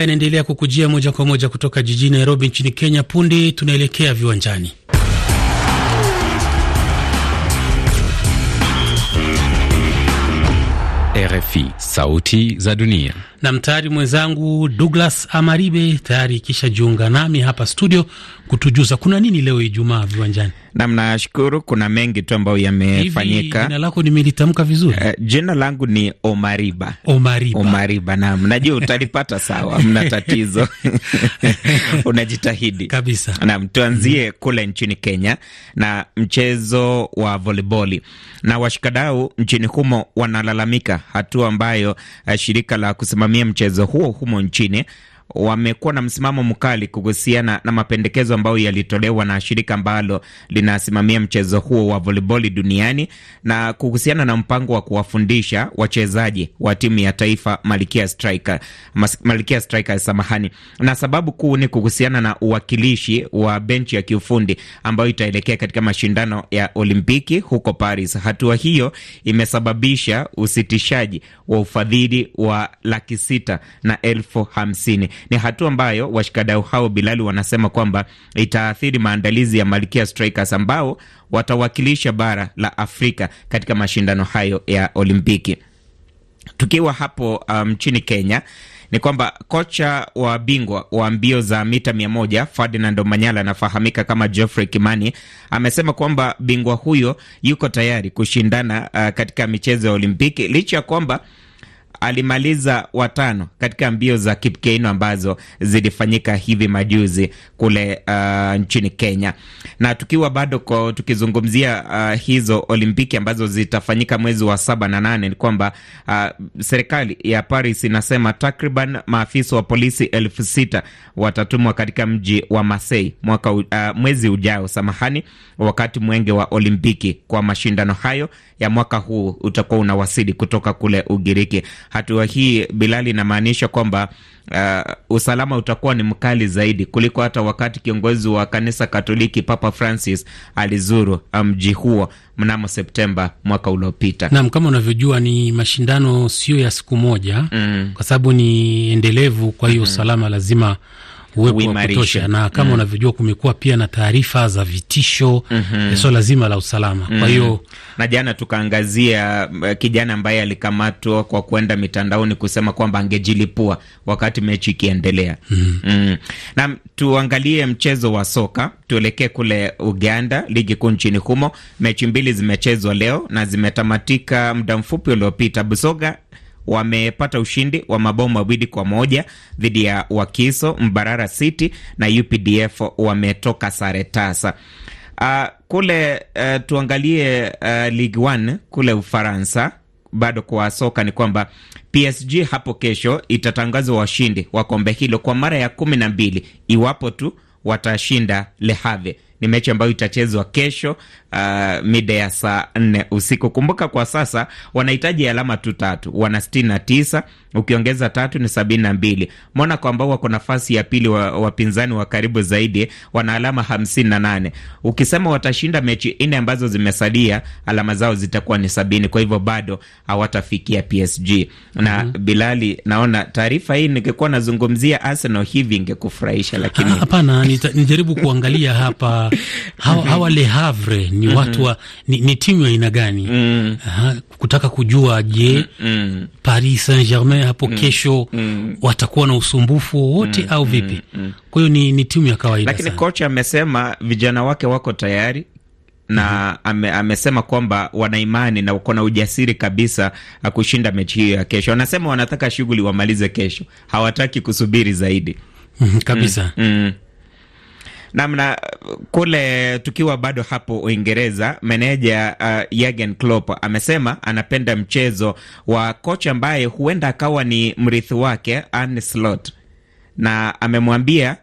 Yanaendelea kukujia moja kwa moja kutoka jijini Nairobi nchini Kenya. Punde tunaelekea viwanjani. RFI, sauti za dunia na mtayari mwenzangu Douglas Amaribe tayari kisha jiunga nami hapa studio kutujuza kuna nini leo Ijumaa viwanjani. Nam, nashukuru kuna mengi tu ambayo yamefanyika. Jina lako nimelitamka vizuri? Uh, jina langu ni Omariba. Omariba, Omariba, nam, najua utalipata sawa, mna tatizo unajitahidi kabisa. Nam, tuanzie mm -hmm. kule nchini Kenya na mchezo wa voleboli na washikadau nchini humo wanalalamika hatua ambayo uh, shirika la kusema kusimamia mchezo huo humo nchini wamekuwa na msimamo mkali kuhusiana na mapendekezo ambayo yalitolewa na shirika ambalo linasimamia mchezo huo wa volleyball duniani na kuhusiana na mpango wa kuwafundisha wachezaji wa timu ya taifa Malkia Striker, Malkia Striker, samahani. Na sababu kuu ni kuhusiana na uwakilishi wa benchi ya kiufundi ambayo itaelekea katika mashindano ya Olimpiki huko Paris. Hatua hiyo imesababisha usitishaji wa ufadhili wa laki sita na elfu hamsini ni hatua ambayo washikadau hao Bilali wanasema kwamba itaathiri maandalizi ya Malkia Strikers ambao watawakilisha bara la Afrika katika mashindano hayo ya Olimpiki. Tukiwa hapo um, nchini um, Kenya ni kwamba kocha wa bingwa wa mbio za mita mia moja Ferdinand Omanyala anafahamika kama Geoffrey Kimani amesema kwamba bingwa huyo yuko tayari kushindana uh, katika michezo ya Olimpiki licha ya kwamba alimaliza watano katika mbio za Kipkeino ambazo zilifanyika hivi majuzi kule uh, nchini Kenya. Na tukiwa bado kwa, tukizungumzia uh, hizo Olimpiki ambazo zitafanyika mwezi wa saba na nane, ni kwamba uh, serikali ya Paris inasema takriban maafisa wa polisi elfu sita watatumwa katika mji wa masei mwaka uh, mwezi ujao, samahani, wakati mwenge wa Olimpiki kwa mashindano hayo ya mwaka huu utakuwa unawasili kutoka kule Ugiriki hatua hii Bilali inamaanisha kwamba uh, usalama utakuwa ni mkali zaidi kuliko hata wakati kiongozi wa kanisa Katoliki Papa Francis alizuru uh, mji huo mnamo Septemba mwaka uliopita. Naam, kama unavyojua ni mashindano sio ya siku moja mm. kwa sababu ni endelevu, kwa hiyo mm -hmm. usalama lazima uwepo wa kutosha, na kama mm. unavyojua kumekuwa pia na taarifa za vitisho mm -hmm. swala zima la usalama mm. kwa hiyo na jana tukaangazia eh, kijana ambaye alikamatwa kwa kwenda mitandaoni kusema kwamba angejilipua wakati mechi ikiendelea. mm. mm. na tuangalie mchezo wa soka, tuelekee kule Uganda, ligi kuu nchini humo. Mechi mbili zimechezwa leo na zimetamatika muda mfupi uliopita. Busoga wamepata ushindi wa mabao mawili kwa moja dhidi ya Wakiso Mbarara City na UPDF wametoka sare tasa. Uh, kule uh, tuangalie uh, eh, Ligue 1 kule Ufaransa bado kwa soka ni kwamba PSG hapo kesho itatangazwa washindi wa kombe hilo kwa mara ya kumi na mbili iwapo tu watashinda Le Havre. Ni mechi ambayo itachezwa kesho uh, mida ya saa nne usiku. Kumbuka kwa sasa wanahitaji alama tu tatu, wana sitini na tisa ukiongeza tatu ni sabini na mbili. Monaco ambao wako nafasi ya pili, wapinzani wa, wa karibu zaidi, wana alama hamsini na nane. Ukisema watashinda mechi nne ambazo zimesalia, alama zao zitakuwa ni sabini, kwa hivyo bado hawatafikia PSG na mm -hmm. Bilali, naona taarifa hii, ningekuwa nazungumzia Arsenal hivi ingekufurahisha, lakini ah, hapana, nijaribu kuangalia hapa hawa, hawa, Le Havre ni mhm. watu wa, ni, ni timu ya aina gani? Mm. Aha, kutaka kujua je, mm, mm. Paris Saint-Germain hapo kesho watakuwa na usumbufu wowote au vipi? Kwa hiyo ni, ni timu ya kawaida, lakini kocha amesema vijana wake wako tayari na mhm. ame, amesema kwamba wana imani na uko na ujasiri kabisa kushinda mechi hiyo ya kesho. anasema wanataka shughuli wamalize kesho, hawataki kusubiri zaidi. Mhm, kabisa mm, mm namna kule. Tukiwa bado hapo Uingereza, meneja uh, Jurgen Klopp amesema anapenda mchezo wa kocha ambaye huenda akawa ni mrithi wake Arne Slot, na amemwambia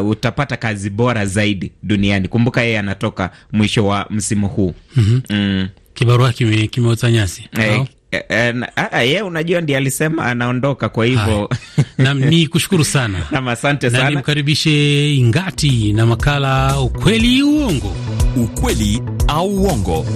Uh, utapata kazi bora zaidi duniani. Kumbuka yeye anatoka mwisho wa msimu huu mm -hmm. mm. Kibarua kimeota nyasi eh, eh, eh, ah, ah, yeye, unajua ndi alisema anaondoka, kwa hivyo Nam ni kushukuru sana nam, asante sana, na nimkaribishe Ingati na makala ukweli uongo, ukweli au uongo.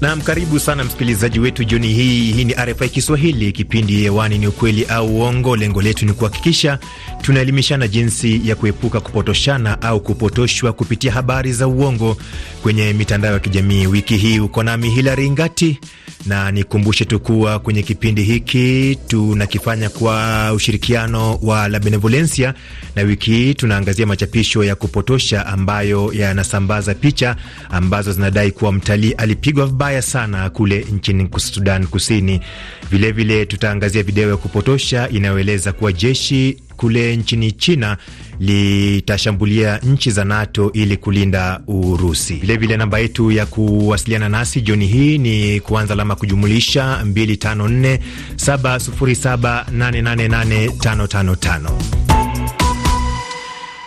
Nam, karibu sana msikilizaji wetu jioni hii. Hii ni RFI Kiswahili, kipindi hewani ni ukweli au uongo. Lengo letu ni kuhakikisha tunaelimishana jinsi ya kuepuka kupotoshana au kupotoshwa kupitia habari za uongo kwenye mitandao ya kijamii. Wiki hii uko nami Hilari Ngati na nikumbushe tu kuwa kwenye kipindi hiki tunakifanya kwa ushirikiano wa La Benevolencia, na wiki hii tunaangazia machapisho ya kupotosha ambayo yanasambaza picha ambazo zinadai kuwa mtalii alipigwa vibaya sana kule nchini Sudan Kusini. Vilevile tutaangazia video ya kupotosha inayoeleza kuwa jeshi kule nchini China litashambulia nchi za NATO ili kulinda Urusi. Vilevile namba yetu ya kuwasiliana nasi jioni hii ni kuanza alama kujumulisha 254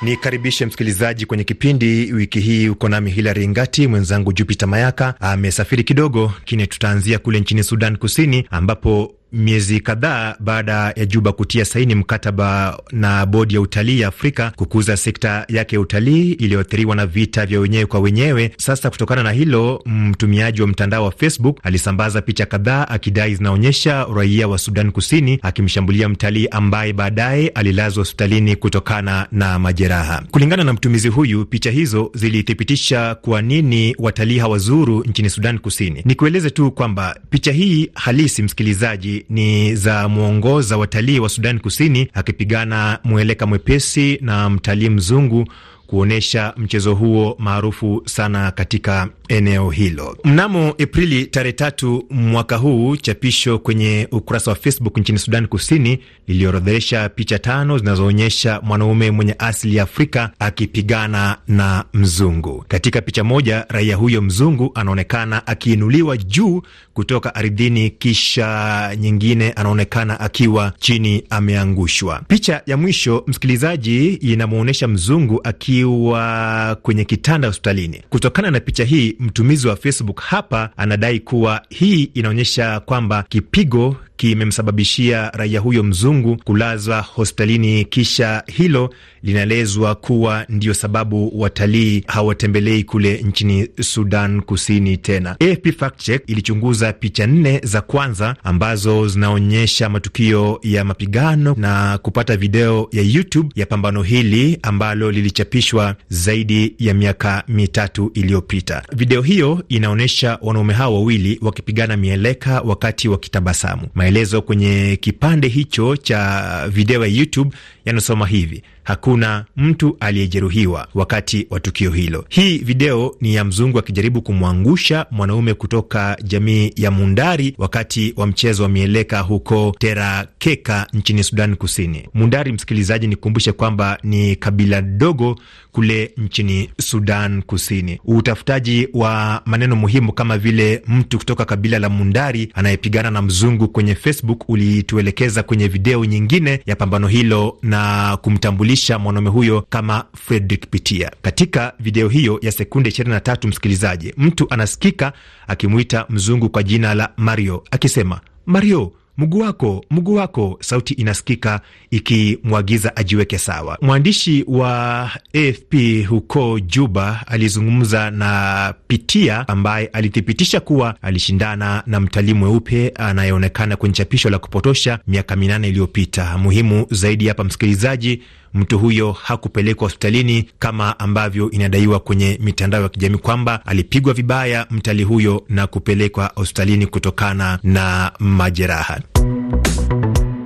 Nikaribishe msikilizaji kwenye kipindi wiki hii. Uko nami Hilary Ngati, mwenzangu Jupiter Mayaka amesafiri kidogo kini. Tutaanzia kule nchini Sudan Kusini ambapo miezi kadhaa baada ya Juba kutia saini mkataba na bodi ya utalii ya Afrika kukuza sekta yake ya utalii iliyoathiriwa na vita vya wenyewe kwa wenyewe. Sasa kutokana na hilo, mtumiaji wa mtandao wa Facebook alisambaza picha kadhaa akidai zinaonyesha raia wa Sudan Kusini akimshambulia mtalii ambaye baadaye alilazwa hospitalini kutokana na majeraha. Kulingana na mtumizi huyu, picha hizo zilithibitisha kwa nini watalii hawazuru nchini Sudan Kusini. Nikueleze tu kwamba picha hii halisi, msikilizaji ni za mwongoza watalii wa Sudani Kusini akipigana mweleka mwepesi na mtalii mzungu kuonyesha mchezo huo maarufu sana katika eneo hilo. Mnamo Aprili tarehe tatu mwaka huu, chapisho kwenye ukurasa wa Facebook nchini Sudan Kusini liliorodhesha picha tano zinazoonyesha mwanaume mwenye asili ya Afrika akipigana na mzungu. Katika picha moja, raia huyo mzungu anaonekana akiinuliwa juu kutoka ardhini, kisha nyingine anaonekana akiwa chini ameangushwa. Picha ya mwisho, msikilizaji, inamwonyesha mzungu akiwa kwenye kitanda hospitalini. Kutokana na picha hii mtumizi wa Facebook hapa anadai kuwa hii inaonyesha kwamba kipigo kimemsababishia raia huyo mzungu kulazwa hospitalini, kisha hilo linaelezwa kuwa ndiyo sababu watalii hawatembelei kule nchini Sudan Kusini tena. AFP Fact Check ilichunguza picha nne za kwanza ambazo zinaonyesha matukio ya mapigano na kupata video ya YouTube ya pambano hili ambalo lilichapishwa zaidi ya miaka mitatu iliyopita. Video hiyo inaonyesha wanaume hao wawili wakipigana mieleka wakati wakitabasamu. Maelezo kwenye kipande hicho cha video ya YouTube yanasoma hivi: hakuna mtu aliyejeruhiwa wakati wa tukio hilo. Hii video ni ya mzungu akijaribu kumwangusha mwanaume kutoka jamii ya Mundari wakati wa mchezo wa mieleka huko Terakeka nchini Sudan Kusini. Mundari, msikilizaji, nikumbushe kwamba ni kabila dogo kule nchini Sudan Kusini. Utafutaji wa maneno muhimu kama vile mtu kutoka kabila la Mundari anayepigana na mzungu kwenye Facebook ulituelekeza kwenye video nyingine ya pambano hilo na na kumtambulisha mwanaume huyo kama Fredrik Pitia. Katika video hiyo ya sekunde 23, msikilizaji, mtu anasikika akimwita mzungu kwa jina la Mario akisema, Mario mguu wako, mguu wako, sauti inasikika ikimwagiza ajiweke sawa. Mwandishi wa AFP huko Juba alizungumza na Pitia ambaye alithibitisha kuwa alishindana na mtalii mweupe anayeonekana kwenye chapisho la kupotosha miaka minane iliyopita. Muhimu zaidi hapa, msikilizaji mtu huyo hakupelekwa hospitalini kama ambavyo inadaiwa kwenye mitandao ya kijamii kwamba alipigwa vibaya mtalii huyo na kupelekwa hospitalini kutokana na majeraha.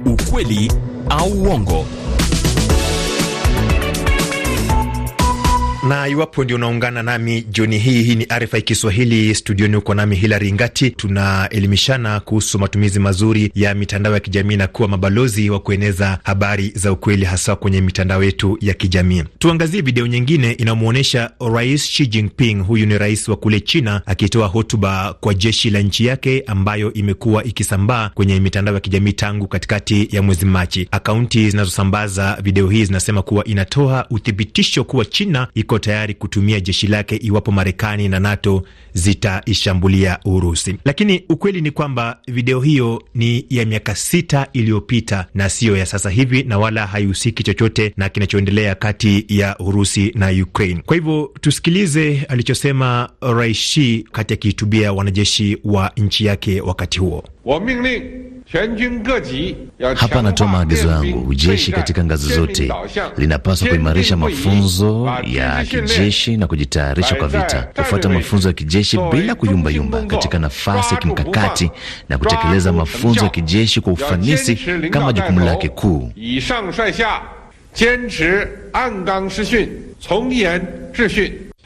Ukweli au uongo? na iwapo ndio unaungana nami jioni hii, hii ni RFI Kiswahili studioni, uko nami Hilary Ngati. Tunaelimishana kuhusu matumizi mazuri ya mitandao ya kijamii na kuwa mabalozi wa kueneza habari za ukweli, hasa kwenye mitandao yetu ya kijamii. Tuangazie video nyingine inayomwonyesha Rais Xi Jinping, huyu ni rais wa kule China, akitoa hotuba kwa jeshi la nchi yake ambayo imekuwa ikisambaa kwenye mitandao ya kijamii tangu katikati ya mwezi Machi. Akaunti zinazosambaza video hii zinasema kuwa inatoa uthibitisho kuwa China iko iko tayari kutumia jeshi lake iwapo Marekani na NATO zitaishambulia Urusi. Lakini ukweli ni kwamba video hiyo ni ya miaka sita iliyopita na siyo ya sasa hivi, na wala haihusiki chochote na kinachoendelea kati ya Urusi na Ukraine. Kwa hivyo tusikilize alichosema Raishi kati akihutubia wanajeshi wa nchi yake wakati huo hapa anatoa maagizo yangu: jeshi katika ngazi zote linapaswa kuimarisha mafunzo ya kijeshi na kujitayarisha kwa vita, kufuata mafunzo ya kijeshi bila kuyumbayumba katika nafasi ya kimkakati na kutekeleza mafunzo ya kijeshi kwa ufanisi kama jukumu lake kuu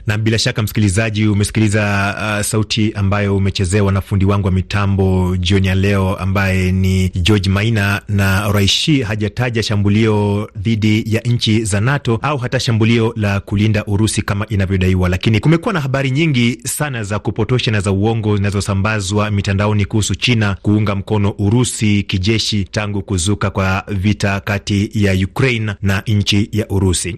na bila shaka msikilizaji, umesikiliza uh, sauti ambayo umechezewa na fundi wangu wa mitambo jioni ya leo, ambaye ni George Maina. Na Raishi hajataja shambulio dhidi ya nchi za NATO au hata shambulio la kulinda Urusi kama inavyodaiwa, lakini kumekuwa na habari nyingi sana za kupotosha na za uongo zinazosambazwa mitandaoni kuhusu China kuunga mkono Urusi kijeshi tangu kuzuka kwa vita kati ya Ukraine na nchi ya Urusi.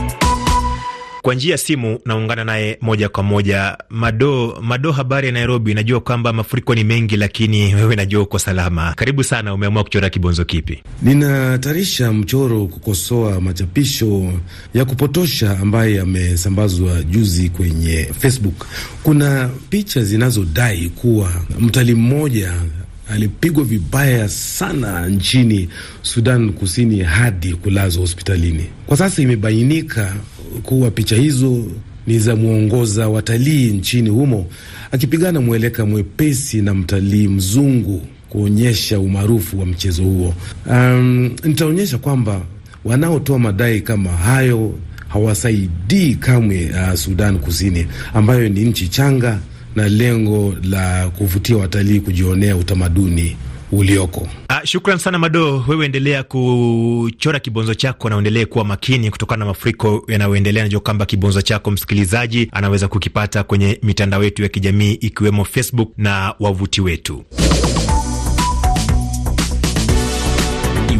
Kwa njia ya simu naungana naye moja kwa moja. Mado, Mado, habari ya Nairobi? Najua kwamba mafuriko ni mengi, lakini wewe najua uko salama. Karibu sana. Umeamua kuchora kibonzo kipi? Ninatayarisha mchoro kukosoa machapisho ya kupotosha ambayo yamesambazwa juzi kwenye Facebook. Kuna picha zinazodai kuwa mtalii mmoja alipigwa vibaya sana nchini Sudan Kusini hadi kulazwa hospitalini. Kwa sasa imebainika kuwa picha hizo ni za mwongoza watalii nchini humo akipigana mweleka mwepesi na mtalii mzungu kuonyesha umaarufu wa mchezo huo. Um, nitaonyesha kwamba wanaotoa madai kama hayo hawasaidii kamwe uh, Sudan Kusini ambayo ni nchi changa na lengo la kuvutia watalii kujionea utamaduni ulioko. Ah, shukran sana Mado, wewe endelea kuchora kibonzo chako na uendelee kuwa makini kutokana na mafuriko yanayoendelea. Najua kwamba kibonzo chako msikilizaji anaweza kukipata kwenye mitandao yetu ya kijamii ikiwemo Facebook na wavuti wetu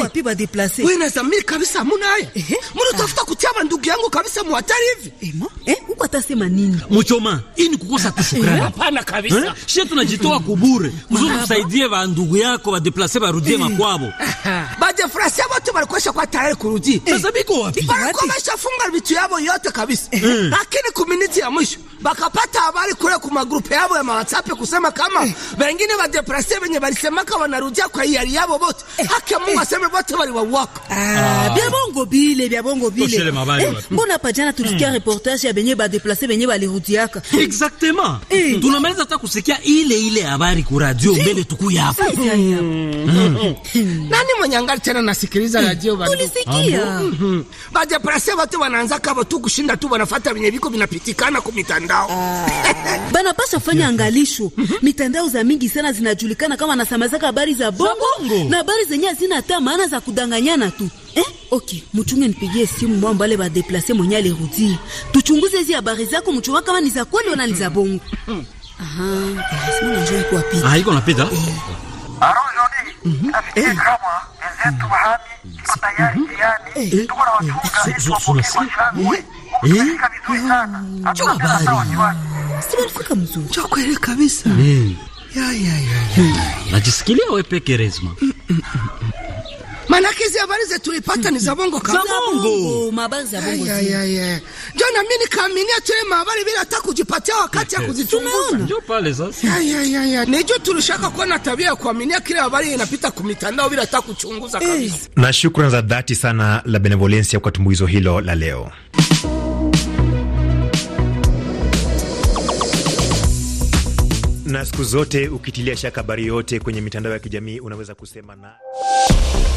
wapi ba deplace wewe na zamiri kabisa, muna haya muna tafuta kutiaba ndugu yangu kabisa muhatari hivi emo eh, huko atasema nini mchoma? Hii ni kukosa kushukrani. Eh? Eh? Hapana kabisa, eh? shie tunajitoa kubure kuzuru tusaidie ba ndugu yako ba deplace barudie makwabo. Ba deplace bote balikosha kwa tayari kurudi. Sasa biko wapi? kwa funga vitu yabo yote kabisa, lakini kuminiti ya mwisho bakapata habari kule ku magrupe yabo ya WhatsApp kusema kama wengine eh. wa depressed wenye walisemaka wanarudia kwa hiari yabo bote, eh. hake Mungu eh. aseme bote wali wa wako ah, bya bongo bile bya bongo bile. Mbona hapa jana tulisikia hmm. reportage ya benye ba depressed benye walirudiaka exactement, tunamaliza hata kusikia ile ile habari ku radio mbele tukuya hapa. Hmm. Hmm. Nani mwenye angali tena nasikiliza radio bado? Tulisikia ba depressed wote wanaanza kabo tu kushinda tu wanafuata venye viko vinapitikana kumitanda mitandao ah. bana pasha fanya angalisho mhm. Mitandao za mingi sana zinajulikana kama nasamazaka habari za bongo, na habari zenye hazina hata maana za kudanganyana tu eh? Okay, mutunge nipigie simu mwa mwamba ale badeplase mwenye alirudia, tuchunguze hizi habari zako mchunga kama ni za kweli wala ni za bongo. Mhm. Aha, ah, iko napita eh. mhm eh? Cho habari. Sijalifika mzuri. Cho kweli kabisa. Mm. Najisikilia wewe peke Rezma. Mm, mm, Manake hizi habari zetu tulipata ni za bongo kabisa. Za bongo, mabari za bongo. Ya, ya, ya. Jo na mimi nikaminia tule mahabari bila hata kujipatia wakati ya kuzichunguza. Ndio pale sasa. Ya, ya, ya, ya. Nijo tulishaka kuwa na tabia ya kuaminia kile habari inapita kwa mitandao bila hata kuchunguza kabisa. Na shukrani za dhati sana la Benevolencia kwa tumbuizo hilo la leo. na siku zote ukitilia shaka habari yote kwenye mitandao ya kijamii unaweza kusema na